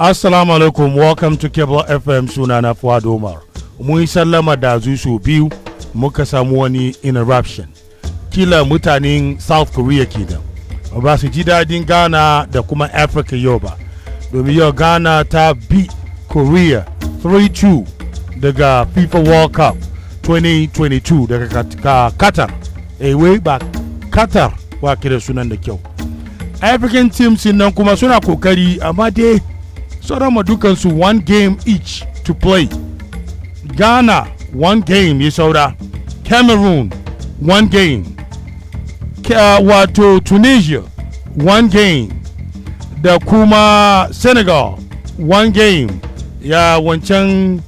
Assalamu alaikum, welcome to Cable FM sunana Fuad Omar. Mun sallama da su biyu muka samu wani interruption. Kila mutanen South Korea kenan. Ba su ji dadin Ghana da kuma Africa yau ba. Domin yau Ghana ta bi Korea 3-2 daga FIFA World Cup 2022 daga Qatar. Ewe eh, ba Qatar wa kira sunan da kyau. African teams nan kuma suna kokari amma dai sauran madukansu one game each to play ghana one game ya saura cameroon one game uh, wato tunisia one game da kuma senegal one game ya wancan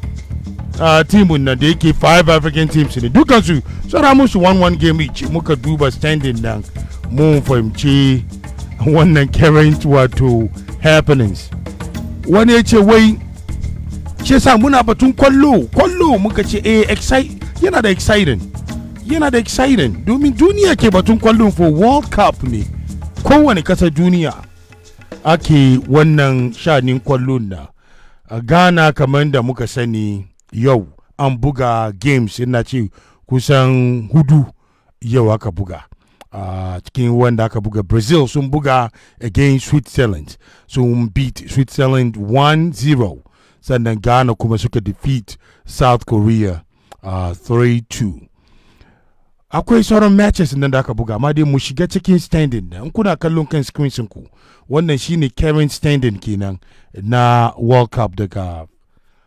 uh, timun da yake five african teams ne dukansu tsara musu one one game each muka duba standing nan mun fahimci wannan current wato happenings wani ya ce wai shi sa muna batun kwallo kwallo muka ce eh yana da exciting yana da exciting domin duniya ke batun kwallon for world cup ne kowane kasa duniya ake wannan shanin kwallon na a ghana kamar da muka sani yau an buga games ina ce kusan hudu yau aka buga a ah, cikin wanda aka buga brazil sun buga against switzerland sun beat switzerland 1-0 sannan ghana kuma suka defeat south korea uh, ah, 3-2 akwai sauran matches nan da aka buga amma dai mu shiga cikin standing da in kuna kallon kan screen ku wannan shine kevin standing kenan na world cup daga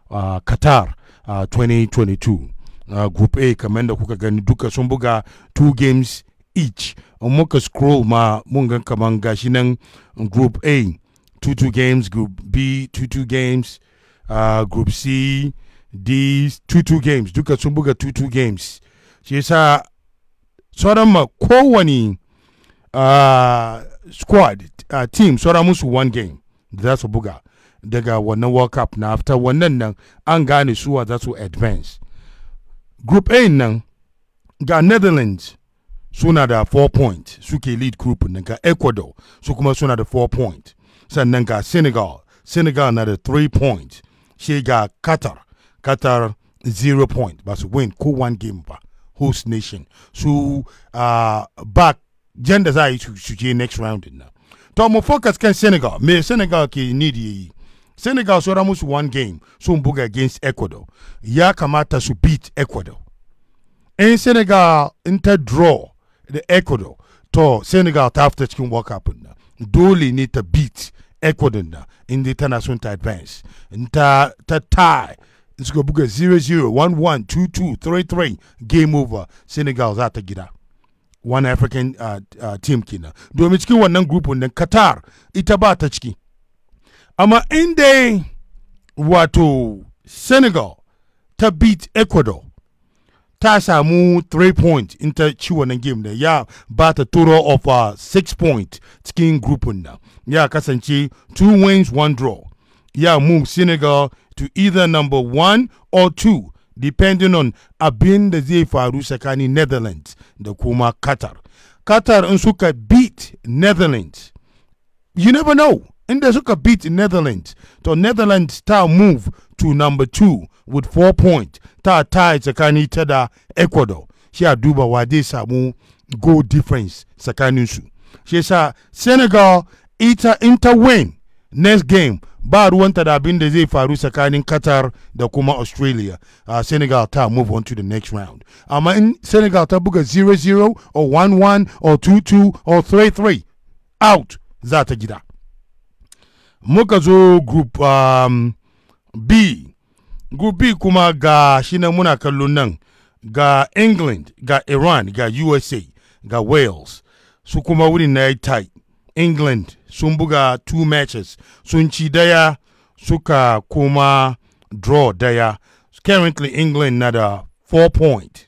uh, qatar uh, 2022 uh, group a kamar da kuka gani duka sun buga two games each in muka scroll ma mun ga kaman gashi nan group a 22 games group b 22 games uh, group c d 22 games duka sun buga 22 games shi yasa sauran ma kowani uh, squad uh, team sauran musu one game da za su buga daga wannan world cup na after wannan nan an gane suwa za su advance group a nan ga netherlands suna da 4 point suke lead group nan ga ecuador su kuma suna da 4 point sannan ga senegal senegal na da 3 point she ga qatar qatar 0 point ba su win ko one game ba host nation su uh, ah, back jan da za a yi su je next round na to mu focus kan senegal me senegal ke need yi senegal sora musu one game sun buga against ecuador ya kamata su beat ecuador in senegal in ta draw da ecuador to senegal ta fita cikin world cup na dole ne ta beat ecuador nan inda tana sun ta advance in ta ta tie in suka buga 0-0 1-1 2-2 3-3 game over senegal za ta gida one african uh, uh, team kina domin cikin wannan group nan qatar ita ba ta ciki amma inda wato senegal ta beat ecuador ta samu 3 point in ta ci wannan game da ya ba ta total of 6 uh, point cikin groupin na ya kasance 2 wins 1 draw ya move senegal to either number 1 or 2 depending on abin da zai faru tsakanin netherlands da kuma qatar qatar in suka beat netherlands you never know inda suka beat netherlands to netherlands ta move to number two with four points ta tie tsakani ta da ecuador shi a duba wa zai samu goal difference tsakaninsu shi sa senegal ita inter win next game ba ruwanta da abin da zai faru tsakanin qatar da kuma australia uh, senegal ta move on to the next round amma in senegal ta buga 0-0 or 1-1 or 2-2 or 3-3 out za ta gida muka zo group um, b group b kuma ga shi nan muna kallon nan ga england ga iran ga usa ga wales su kuma wurin na yi tight england sun buga two matches sun ci daya suka kuma draw daya currently england na da four point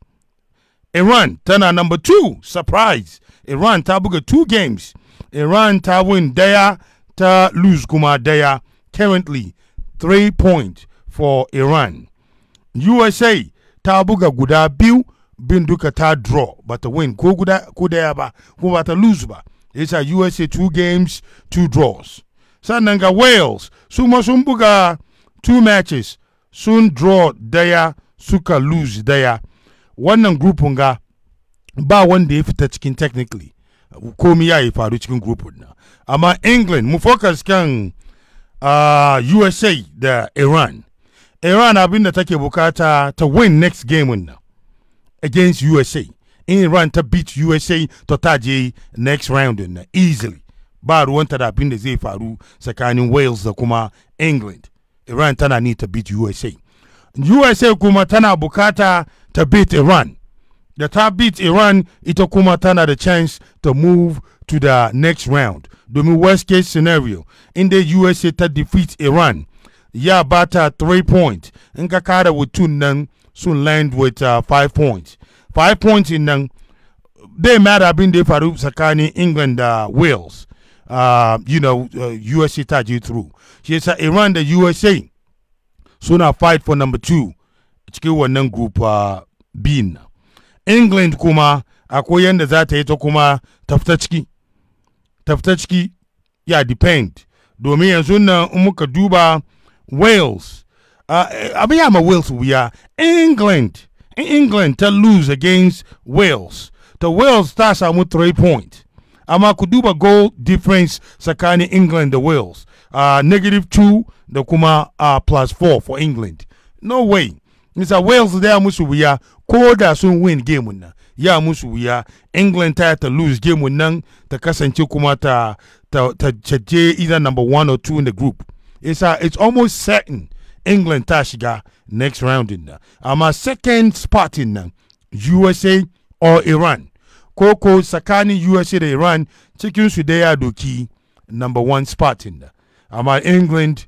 iran tana number two surprise iran ta buga two games iran ta win daya ta Luz Gumadaya, currently three points for Iran. USA ta buga guda biyu bin duka ta draw bata win ko guda ko daya ba ko ta lose ba yasa USA two games two draws sannan ga Wales su ma sun buga two matches sun draw daya suka lose daya wannan grupun ga ba wanda ya fita cikin technically komi ya yi faru cikin grupun na amma england mu focus kan uh, usa da iran iran abin da take bukata ta win next game nan against usa in iran ta beat usa to ta je next round na easily ba ruwanta da abin da zai faru tsakanin wales da kuma england iran tana ni ta beat usa usa kuma tana bukata ta beat iran da ta beat iran ita kuma tana da chance to move to the next round domin worst case scenario inda usa ta defeat iran ya ba ta 3 point in ka kara wutun nan sun land with 5 uh, points 5 points in nan dey mara abin da ya faru tsakanin england da uh, wales uh, you know uh, usa ta je through shi yasa iran da usa suna fight for number 2 cikin wannan group uh, b england kuma akwai yadda za ta yi ta kuma tafta ciki tafta ciki ya depend domin yanzu nan in muka duba wales uh, eh, abin ya ma wales wuya england in england ta lose against wales ta wales ta samu 3 point amma ku duba goal difference tsakanin england da wales uh, negative 2 da kuma uh, plus 4 for england no way nisa wales da ya musu wuya ko da sun win game nan ya musu wuya england ta ta lose game nan ta kasance kuma ta ta je either number one or two in the group it's, uh, it's almost certain england ta shiga next round din nan amma second spot din nan usa or iran koko tsakanin usa da iran cikin su dai ya doki number one spot din nan amma england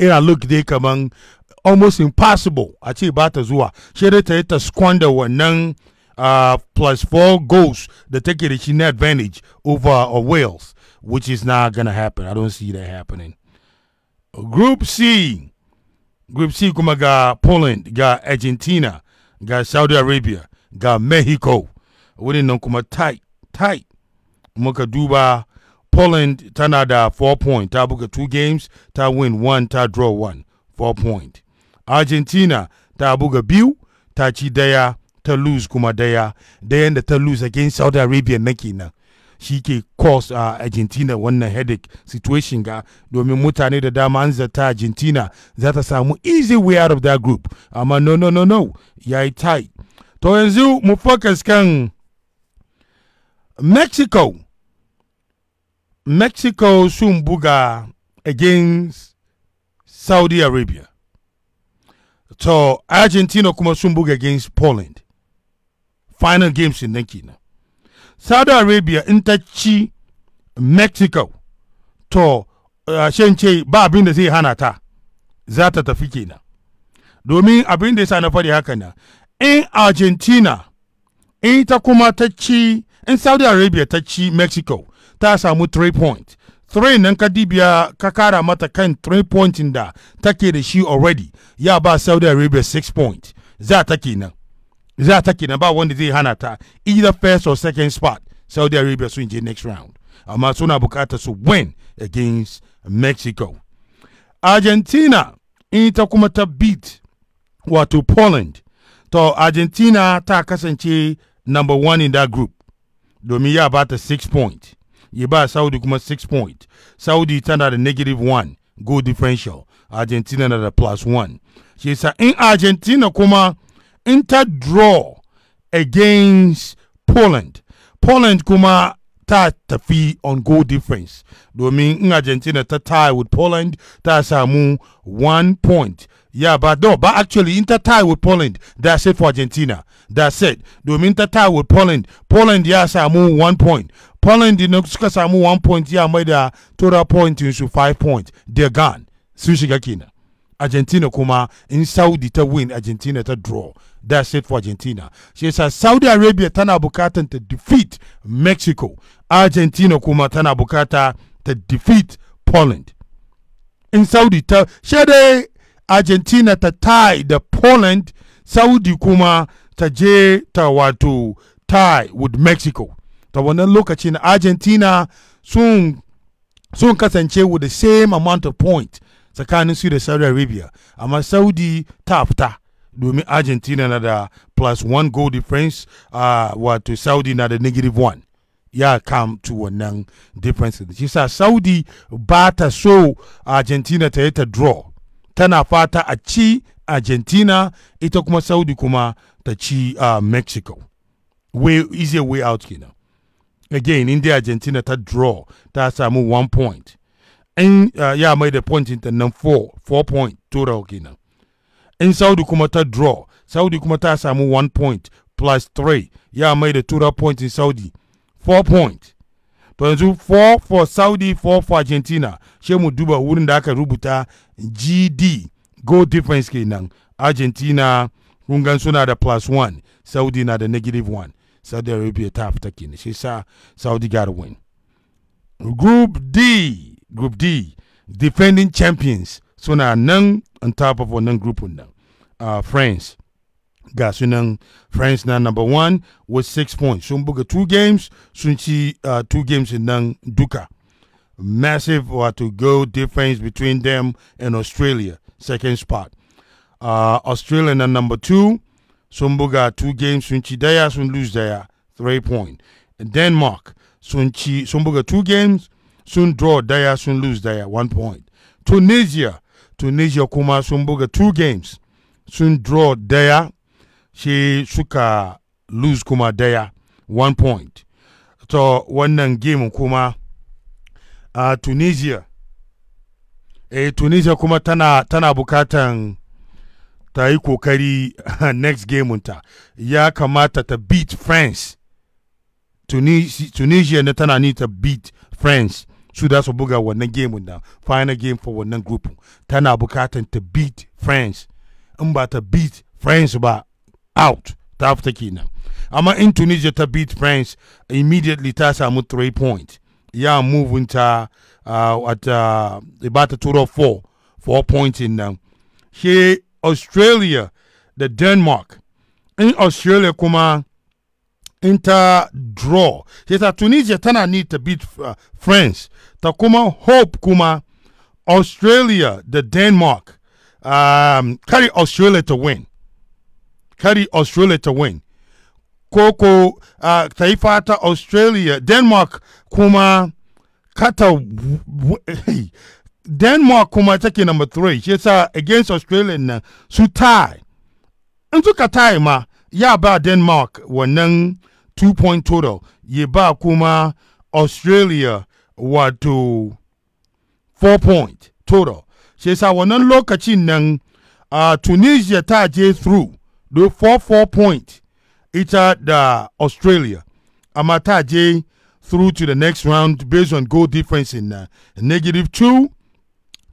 ina look dai kaman almost impossible a ce ba ta zuwa shi dai ta yi ta squander wannan uh, plus four goals to take it a China advantage over uh, Wales, which is not going to happen. I don't see that happening. Group C. Group C, kuma got Poland, got Argentina, got Saudi Arabia, got Mexico. Within nan kuma tight, tight. Muka duba Poland tana da four point. Ta two games, ta win one, ta draw one. Four point. Argentina ta buga biyu, ta ci daya, ta lose kuma daya dayan da ta lose against saudi arabia na kenan shi ke cause a uh, argentina wannan headache situation ga domin mutane da dama an zata argentina za ta samu easy way out of that group amma no no no no ya yi tie to yanzu mu focus kan mexico mexico sun buga against saudi arabia to argentina kuma sun buga against poland final games nan kenan saudi arabia in ta ci mexico to uh, ce ba abin da zai hana ta za ta tafi kenan domin abin da yasa na faɗi haka na in argentina in ta kuma ta ci in saudi arabia ta ci mexico ta samu 3 point 3 nan ka dibiya ka kara mata kan 3 point da take da shi already ya ba saudi arabia 6 point za ta kenan za ta kenan ba wanda zai hana ta either first or second spot saudi arabia sun je next round amma suna bukatar su win against mexico argentina in ta kuma ta beat wato poland to argentina ta kasance number one in that group domin ya ba ta six point ya ba saudi kuma six point saudi tana da negative one, goal differential argentina na da plus one, shi in argentina kuma Inter draw against Poland. Poland kuma ta tafi on goal difference domin in Argentina ta tie with Poland ta samu one point. Yeah, but no, but actually Inter tie with Poland. That's it for Argentina. That's it. Domin ta tie with Poland. Poland ya samu one point. Poland din suka samu one point ya mai da total point su five point. They're gone. Sun shiga kenan. argentina kuma in saudi ta win argentina ta draw that's it for argentina shi yasa saudi arabia tana bukatan ta defeat mexico argentina kuma tana bukata ta defeat poland in saudi ta dai argentina ta tie da poland saudi kuma ta je ta wato tie with mexico ta wannan lokaci na argentina sun kasance with the same amount of points. tsakanin su da saudi arabia amma saudi ta fita domin argentina na da plus one goal difference uh, wato saudi na da negative one ya kam to wannan difference shi sa saudi ba ta so argentina ta yi ta draw tana fata a ci argentina ita kuma saudi kuma ta ci uh, mexico way easier way out kenan again inda argentina ta draw ta samu one point in uh, ya mai da point ta nan 4 4 point tural kenan in saudi kuma ta draw saudi kuma ta samu 1 point plus 3 ya mai da tural point in saudi 4 point to yanzu 4 for saudi 4 for argentina she mu duba wurin da aka rubuta gd goal difference kenan argentina kungan suna da plus 1 saudi na da negative 1 saudi arabia ta fita kenan shi sa saudi got win group d group d defending champions suna nan on top of wannan group nan uh, france ga sunan france na number one with six points sun buga two games sun ci uh, two games nan duka massive to go difference between them and australia second spot uh, australia na number two sun buga two games sun ci daya sun lose daya three point denmark sun ci sun buga two games sun draw daya sun lose daya one point tunisia tunisia kuma sun buga two games sun draw daya shi suka lose kuma daya one point to wannan game kuma a uh, tunisia e tunisia kuma tana, tana bukatan ta yi kokari next game ta ya kamata ta beat france tunisia, tunisia na tana ni ta beat france su da su buga wannan game na final game for wannan group tana bukatan ta beat france in ba ta beat france ba out ta fita kenan amma in tunisia ta beat france immediately ta samu 3 point ya move ta uh, at uh, ba ta turo 4 4 points in nan she australia da denmark in australia kuma in ta draw yasa tunisia tana ni ta beat uh, france ta kuma hope kuma australia da denmark um, carry australia to win carry australia to win koko uh, ta yi fata australia denmark kuma kata denmark kuma take number three shi yasa against australia na su tie in suka tie ma ya ba denmark wannan two point total ya kuma australia wato four point total shi yasa wannan lokacin nan uh, tunisia ta je through do four four point ita da australia amma ta je through to the next round based on goal difference in uh, negative two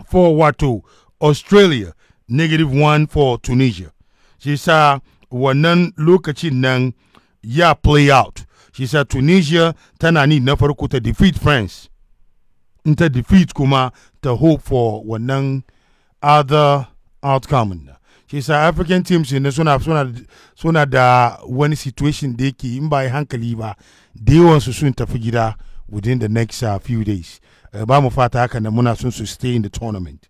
for wato australia negative one for tunisia shi yasa wannan lokacin nan ya play out she sa tunisia tana ni na farko ta defeat france in ta defeat kuma ta hope for wannan other outcome she sa african teams ne suna suna suna da wani situation da yake in ba hankali ba da sun tafi gida within the next uh, few days uh, ba mu fata haka na muna sun su stay in the tournament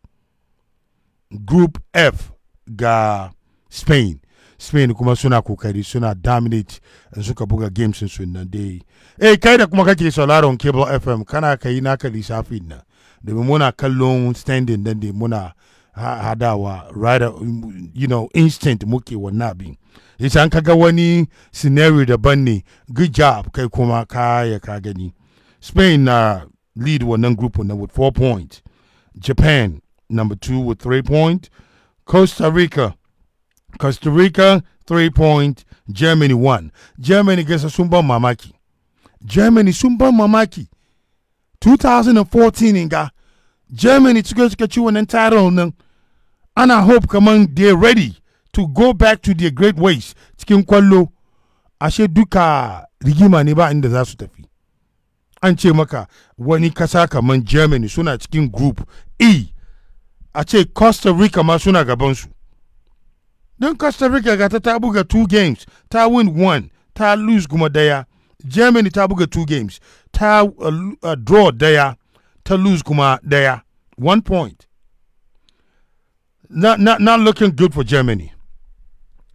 group f ga spain spain kuma suna kokari suna dominate in suka buga games su nan dai eh kai da kuma kake sauraron cable fm kana kai naka lissafi nan domin muna kallon standing nan da muna hadawa rider you know instant muke wannan abin isan ka ga wani scenario daban ne good job kai kuma kaya ka gani spain na lead lead wannan group na with four points japan number two with three points costa rica Costa Rica three point, Germany one Germany gets sun ban mamaki. Germany sun ban mamaki. 2014 nga Germany suka suka ci wannan taron nan ana hope kaman they're ready to go back to their great ways cikin kwallo ashe duka rigima ne ba inda zasu tafi. An ce maka wani kasa kaman Germany suna cikin group E a ce Costa Rica ma suna gabansu. Don Costa Rica gata ta buga two games, ta win one, ta lose kuma daya. Germany ta buga two games, ta uh, uh, draw daya, ta lose kuma daya. One point. Not, not, not looking good for Germany.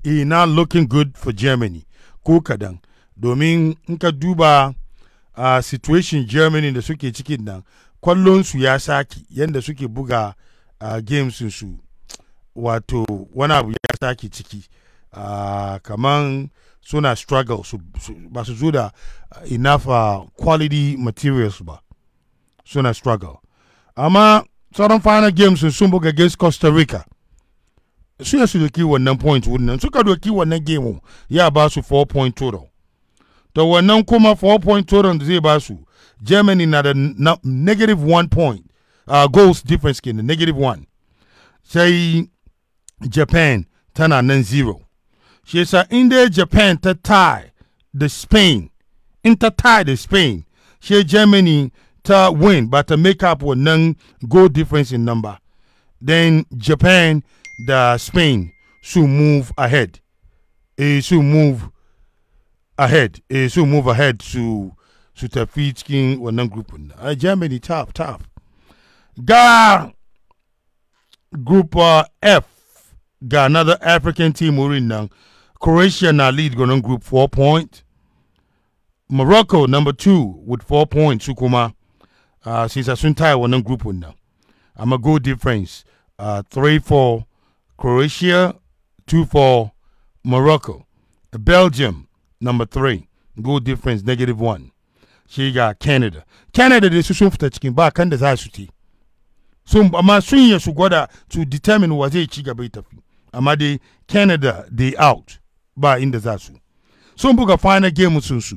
He not looking good for Germany. Ko kadan. Domin in ka duba uh, situation Germany da suke cikin nan, kwallonsu ya saki yadda suke buga uh, gamesinsu. su. wato wani abu ya sake ciki kaman suna struggle ba su zo da enough uh, quality materials ba suna struggle amma sauran final games sun buga against costa rica ya su doki wannan point wannan suka doki wannan game ya ba su 4 point total to wannan kuma 4 point total da zai ba su germany na da negative 1 point uh, goals difference kenan negative 1 sai japan tana nan zero shi yasa in dai japan ta tie da spain in ta tie da spain she germany ta win ba ta make up wannan goal difference in number then japan da spain su move ahead eh su move ahead eh su move ahead su su tafi cikin wannan group uh, germany top top ga group uh, f ga another African team wurin nan Croatia na lead gwanon group 4 point Morocco number 2 with 4 points su kuma uh, sisa sun taya wannan group nan a good difference uh, 3-4 Croatia 2-4 Morocco Belgium number 3 good difference negative 1 shi ga Canada Canada da su sun fita cikin ba kan da za su ti amma sun yi su gwada to determine wa zai ci gaba ya tafi amma dai canada they out ba inda za su sun buga final game sun su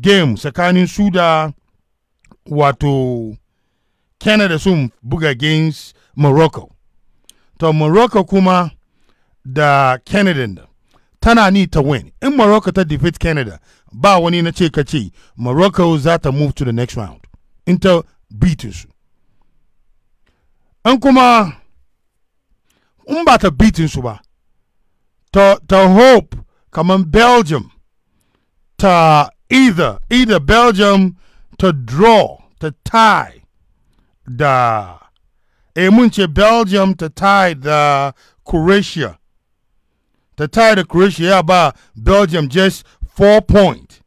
game tsakanin su da wato canada sun buga against morocco to morocco kuma da canada tana ni ta win in morocco ta defeat canada ba wani na ce kace morocco za ta move to the next round in ta beat su an kuma in ba ta to to hope come ta hope belgium to either either belgium to draw to tie da e mun belgium to tie the croatia To tie the croatia about belgium just four point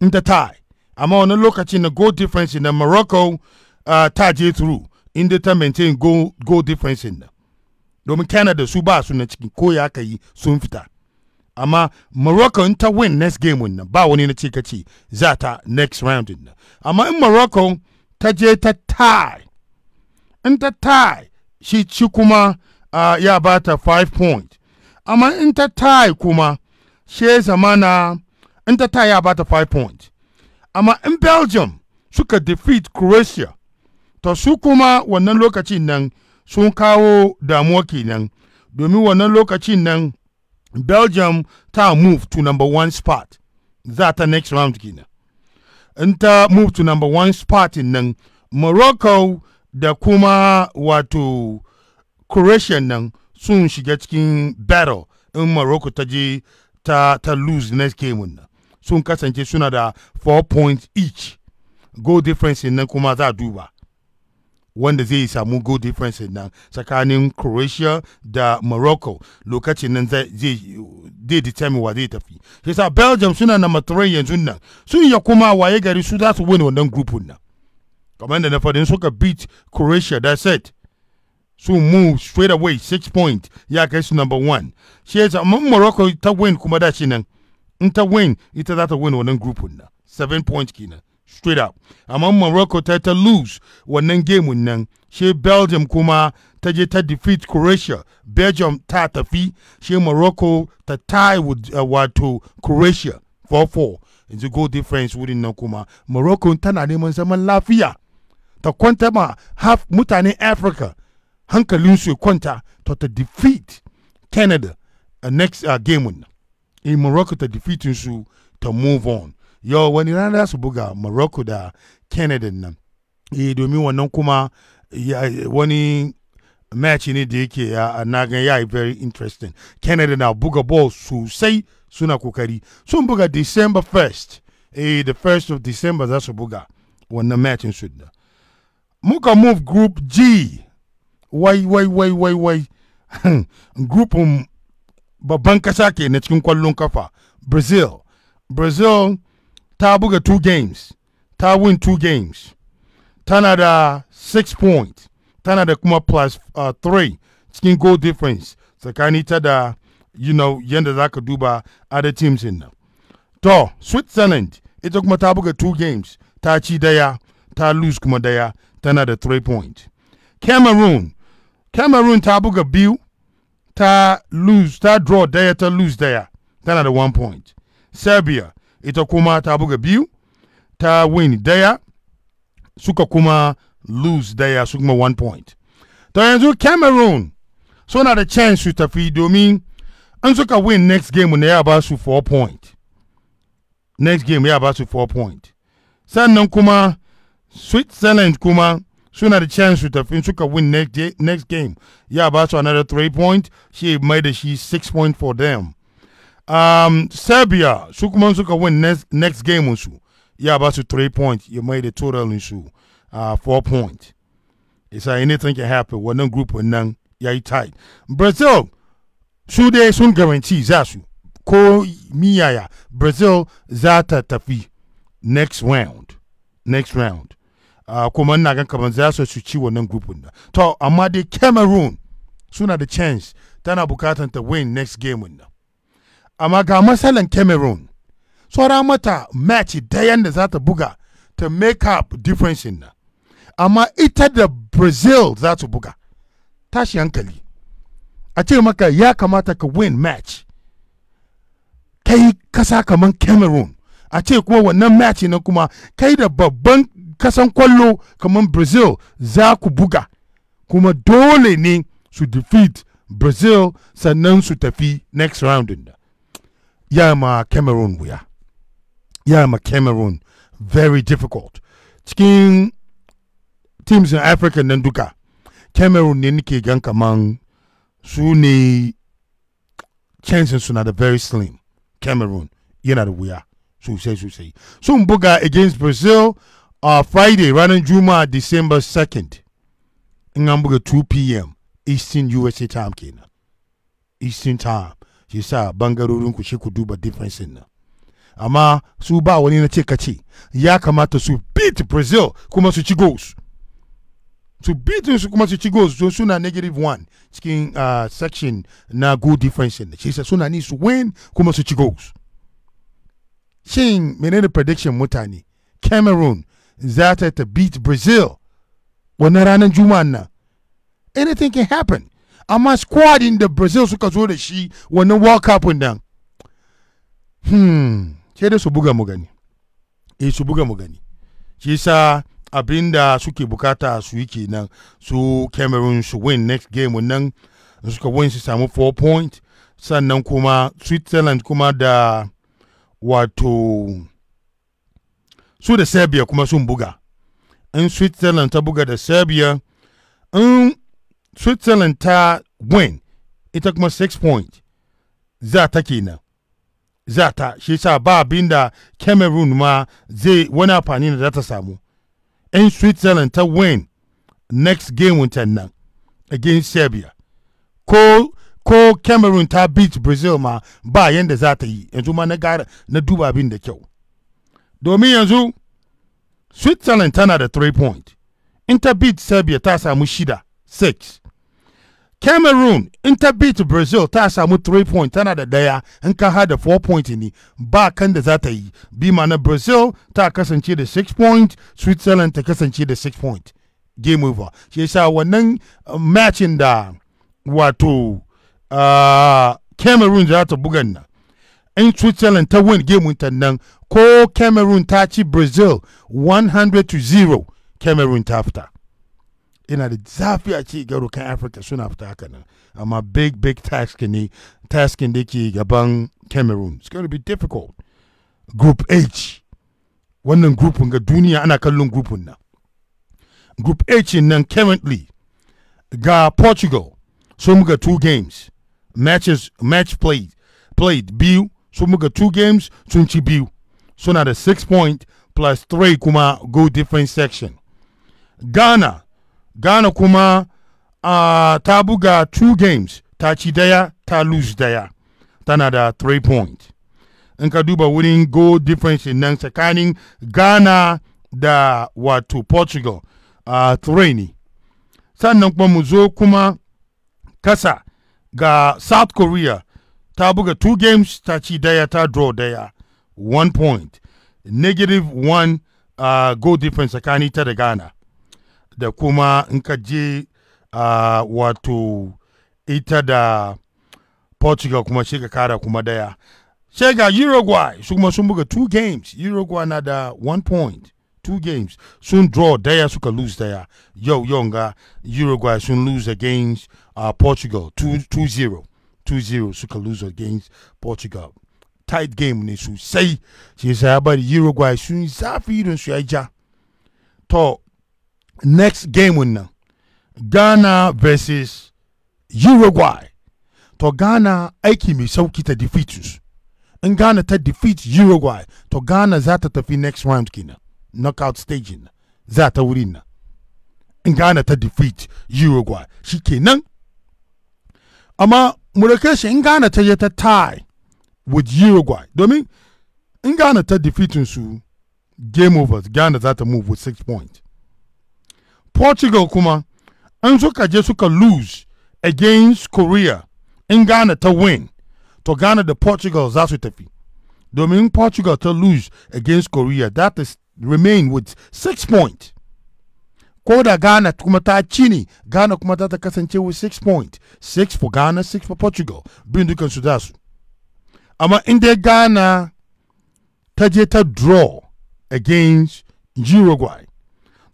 in the tie I'm look at lokacin the goal difference in the morocco uh, ta je through in the maintain goal, goal difference in the. domin canada su ba su na ciki ko ya ka yi sun fita amma morocco in ta win next game nan ba wani na ce ka ce za ta next round nan amma in morocco ta je ta tie in ta tie shi ci kuma uh, ya ba ta 5 point amma in ta tie kuma she zamana in ta tie ya ba ta 5 point amma in belgium suka defeat croatia to su kuma wannan lokacin nan sun kawo damuwa kenan domin wannan lokacin nan belgium ta move to number one spot za ta next round kenan in ta move to number one spot nan morocco da kuma wato croatia nan sun shiga cikin battle in morocco ta je ta, ta lose next game nan sun kasance suna da 4 points each goal difference nan kuma za duba wanda zai samu goal difference nan tsakanin croatia da morocco lokacin nan zai determine wa zai tafi shi sa belgium suna na maturai yanzu nan sun ya kuma waye gari su za su wani wannan grupun nan kamar da na faɗin suka beat croatia da set su move straight away six point ya kai su number one shi ya amma morocco ta win kuma da shi nan in ta win ita za ta win wannan grupun nan seven point kenan straight up amma morocco ta ta lose wannan gemun nan she belgium kuma ta je ta defeat croatia belgium ta tafi she morocco ta tie with uh, wato croatia 4-4 yanzu goal difference wurin nan kuma morocco tana neman zaman lafiya ta kwanta ma half mutanen africa hankalinsu ya kwanta to ta defeat canada a uh, next uh, game in eh, morocco ta defeat su ta move on yau wani rana za su buga morocco da canada nan e domin wannan kuma wani match ne da yake na gan ya very interesting canada na buga ball sosai suna kokari sun buga december 1st e the 1st of december za su buga wannan match su da muka move group g wai wai wai wai wai grupin um, babban kasa ke na cikin kwallon kafa brazil brazil ta buga two games ta win two games tana da six point tana da kuma plus uh, three cikin goal difference tsakani ta da you know yadda za ka duba other teams in nan to switzerland ita kuma ta buga two games ta ci daya ta lose kuma daya tana da three points cameroon cameroon ta buga biyu ta lose ta draw daya ta lose daya tana da one point serbia ita kuma ta buga biyu ta win daya suka kuma lose daya su kuma one point ta yanzu cameroon suna da chance su tafi domin an suka win next game na ya ba su four point next game ya ba su four point sannan kuma switzerland kuma suna da chance su tafi suka win next, next game ya ba su another three point shi mai da shi point for them um, serbia su kuma suka win next, next game su ya ba su 3 points ya mai da total su uh, 4 it's isa anything can happen wannan group nan ya yi tight brazil su dai sun garanti za su ko miyaya brazil za ta tafi next round next round uh, kuma ina gan kamar za su ci wannan grupin nan to amma dai cameroon suna da chance tana bukatan ta win next game nan amma ga matsalan cameroon tsora mata match dayan da za ta buga ta make up difference na amma ita da brazil za ta buga tashi hankali a ce maka ya kamata ka win match kai kasa kamar cameroon a ce kuma wannan match na kuma kai da babban kasan kwallo kamar brazil za ku buga kuma dole ne su defeat brazil sannan su tafi next round da ya ma cameroon wuya ya ma cameroon very difficult cikin teams in africa nan duka cameroon ne nake gan kaman su ne chances suna da very slim cameroon yana da wuya sosai sosai sun buga against brazil a uh, friday ranar juma'a december 2nd in an buga 2 pm eastern usa time kenan eastern time shi sa bangarorin ku shi ku duba defensin nan amma su ba wani na ce kace ya kamata su beat brazil kuma su ci goals su beat su kuma su ci goals don suna negative one cikin uh, section na good defensin na shi sa suna ni su win kuma su ci goals shin menene prediction mutane cameroon za ta ta beat brazil wannan ranar juma'an nan anything can happen amma squadin da brazil suka zo da shi wannan world cup nan hmm sai da su buga mu gani eh su buga mu gani shi sa abin da suke bukata su yi kenan su cameroon su win next game nan suka win su samu 4 point sannan kuma switzerland kuma da wato su da serbia kuma sun buga in switzerland ta buga da serbia in switzerland ta win ita kuma 6 point za ta kenan za ta shi sa ba abin da cameroon ma zai wani amfani da za ta samu in switzerland ta win next game ta nan against serbia ko ko cameroon ta beat brazil ma ba yadda za ta yi yanzu ma na gara na duba abin da kyau domin yanzu switzerland tana da 3 point in ta beat serbia ta samu shida 6 cameroon inta beat brazil ta samu 3 point tana da daya in ka hada 4 point ne ba kan da za ta yi bi na brazil ta kasance da 6 point switzerland ta kasance da 6 point game over shi yasa wannan uh, matchin da wato uh, cameroon za ta bugan nan in switzerland ta win game ta nan ko cameroon ta ci brazil 100 to 0 cameroon ta fita yana da zafi a ci ga kan suna fita haka nan amma big big task ne taskin da ke gaban cameroon it's going to be difficult group h wannan grupun ga duniya ana kallon grupun nan group h nan currently ga portugal sun muga two games matches match played played biyu sun muga two games sun ci biyu suna da six point plus three kuma go different section ghana Ghana kuma uh, ta buga two games ta ci daya ta lose daya tana da three points in ka duba wurin goal difference nan tsakanin Ghana da wato Portugal uh, three ne sannan kuma mu zo kuma kasa ga South Korea ta buga two games ta ci daya ta draw daya one point negative one uh, goal difference tsakanin ta da Ghana da kuma in ka je uh, wato ita da portugal kuma shi ka kara kuma daya sai ga uruguay su kuma sun buga two games uruguay na da one point two games sun draw daya suka lose daya yau yau ga uruguay sun lose against uh, portugal 2-0 2-0 suka lose against portugal tight game ne sosai shi sai ya bari uruguay sun zafi irin su ya ja to next game na ghana versus uruguay to ghana aiki mai sauki ta defeat in ghana ta defeat uruguay to ghana za ta tafi next round kina knockout stage na za ta wuri na in ghana ta defeat uruguay shi kenan amma murake shi in ghana ta je ta tie with uruguay domin in ghana ta defeat su game over ghana za ta move with six points portugal kuma an suka je suka lose against korea in ghana ta win to ghana da portugal za su tafi domin portugal ta lose against korea that is remain with six points ko da ghana kuma ta ci ne ghana kuma ta kasance with six points six for ghana six for portugal bin dukansu da su amma in ghana ta je ta draw against uruguay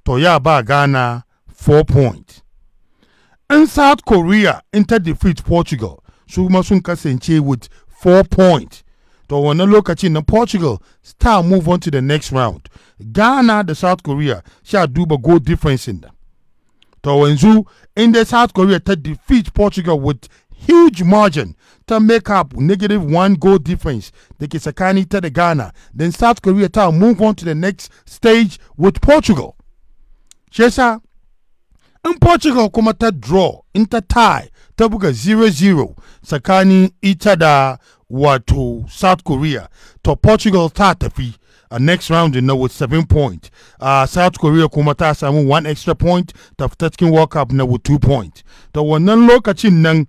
to ya ba Ghana 4 point. In South Korea ta defeat Portugal su kuma sun kasance with 4 point. To wannan lokacin na Portugal star move on to the next round. Ghana da South Korea sha duba goal difference da. To yanzu inda South Korea ta defeat Portugal with huge margin ta make up negative one goal difference da ke tsakani ta da Ghana. Then South Korea ta move on to the next stage with Portugal. shi yasa in portugal kuma ta draw in ta tie ta buga 0-0 tsakanin ita da wato south korea to portugal ta tafi a next round na with 7 point uh, south korea kuma ta samu 1 extra point ta fita cikin world cup na with 2 point to wannan lokacin nan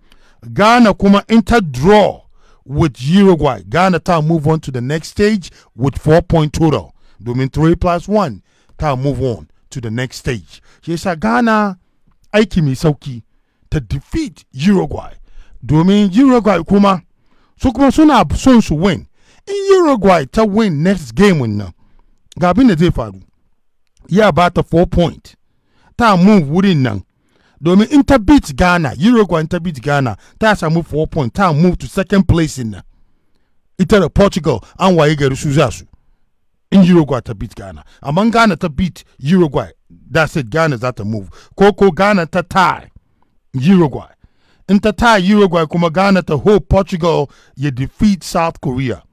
ghana kuma in ta draw with uruguay ghana ta move on to the next stage with 4 point total domin 3 plus 1 ta move on to the next stage shi yasa ghana aiki mai sauki ta defeat uruguay domin uruguay kuma su kuma suna son su win in uruguay ta win next game na. ga abin da zai faru ya ba ta 4 point ta move wurin nan domin in ta beat ghana uruguay ta beat ghana ta samu 4 point ta move to second place nan ita da portugal an waye gari su za su in Uruguay to beat Ghana. Among Ghana to beat Uruguay. That's it. Ghana's at the move. Coco Ghana to tie Uruguay. In to tie Uruguay kuma Ghana to hope Portugal you defeat South Korea.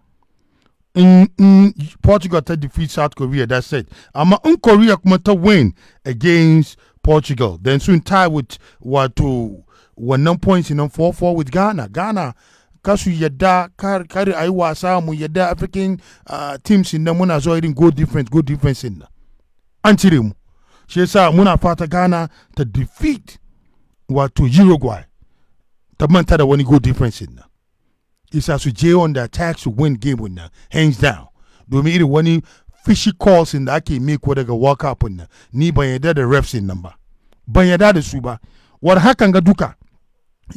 In, in Portugal to defeat South Korea. That's it. among Korea kuma to win against Portugal. Then soon tie with what to one points in 4-4 with Ghana. Ghana kasu yadda kar a ayi wasa mu yadda african teams ah, teams na muna zuwa irin go defense go defense na an cire mu shi yasa muna fata Ghana ta defeat wato Uruguay ta manta da wani go difference na isa su je on the attack su win game na hands down domin irin wani fishy calls da ake meko daga world cup na ni ban yarda da refs nan ba ban yarda da su ba war hakan ga duka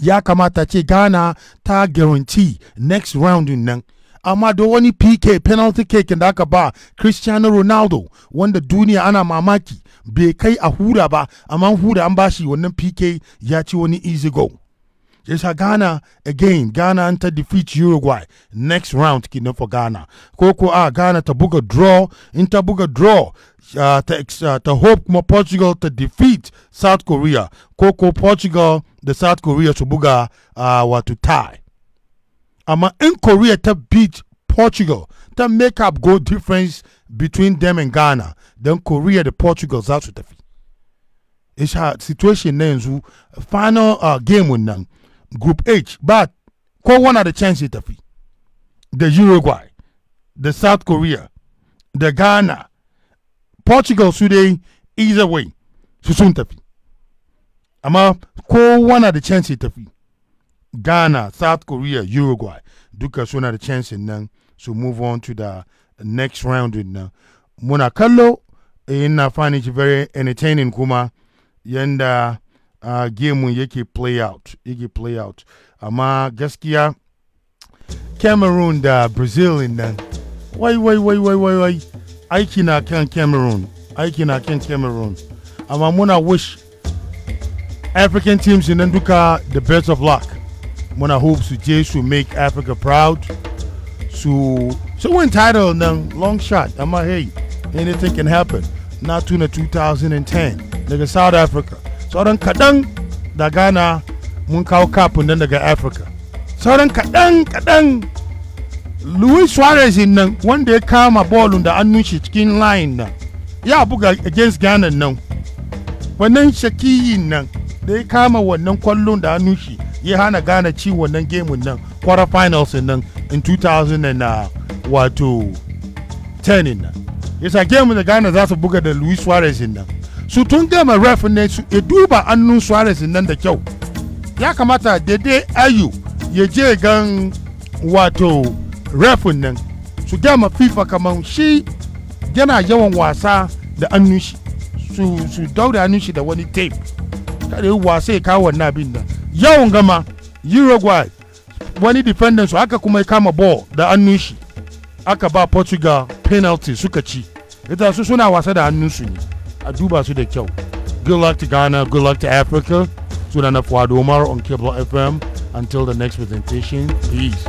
ya kamata ce ghana ta guarantee next round nan amma da wani pk penalty kick da aka ba cristiano ronaldo wanda duniya ana mamaki bai kai a hura ba amma hura an bashi wannan pk ya ci wani easy goal yasa ghana again ghana ta defeat uruguay next round kenan for ghana ko ko a ghana ta buga draw in ta buga draw Uh, to, uh, to hope Portugal to defeat South Korea Coco Portugal the South Korea to buga uh, to tie amma in Korea to beat Portugal To make up goal difference between them and Ghana then Korea the Portugal to defeat. It's isha situation Then, so uh, final uh, game nan group H But ba one of the chance to defeat the Uruguay the South Korea the Ghana portugal su dai either way su sun tafi amma kowa da chance ya tafi ghana south korea uruguay duka suna da chance nan su move on to the next round nan muna kallo eh, ina fani very entertaining kuma yanda uh, game yake play out yake play out amma gaskiya cameroon da brazil nan wai wai wai wai wai wai aiki na kan cameroon aiki na kan cameroon amma muna wish african teams na duka the best of luck muna hope su je su make africa proud su so win title nan long shot amma hey anything can happen na tuna 2010 daga south africa sauran kaɗan da ghana mun kawo kafin nan daga africa sauran kaɗan kaɗan Luis Suarez nan wanda ya kama bolin da hannun shi cikin line nan ya buga against Ghana nan wannan shakiyi nan da ya kama wannan kwallon da hannun shi ya hana Ghana ci wannan game nan quarter finals nan in 2000 uh, wato 10 nan yasa game da Ghana za su buga da Luis Suarez nan su tun gama ref ne su ya duba annun Suarez nan da kyau ya kamata daidai ayu ya je gan wato refin nan su gyama fifa kamar shi yana yawan wasa da annun shi su daura shi da wani tape kada yi wasa ya kawo wannan abin nan yawan gama uruguay wani defendant su aka kuma ya kama ball da annun shi aka ba portugal penalty suka ci ita su suna wasa da annun su ne a duba su da kyau good luck to ghana good luck to africa suna na fuad domar on cable fm until the next presentation peace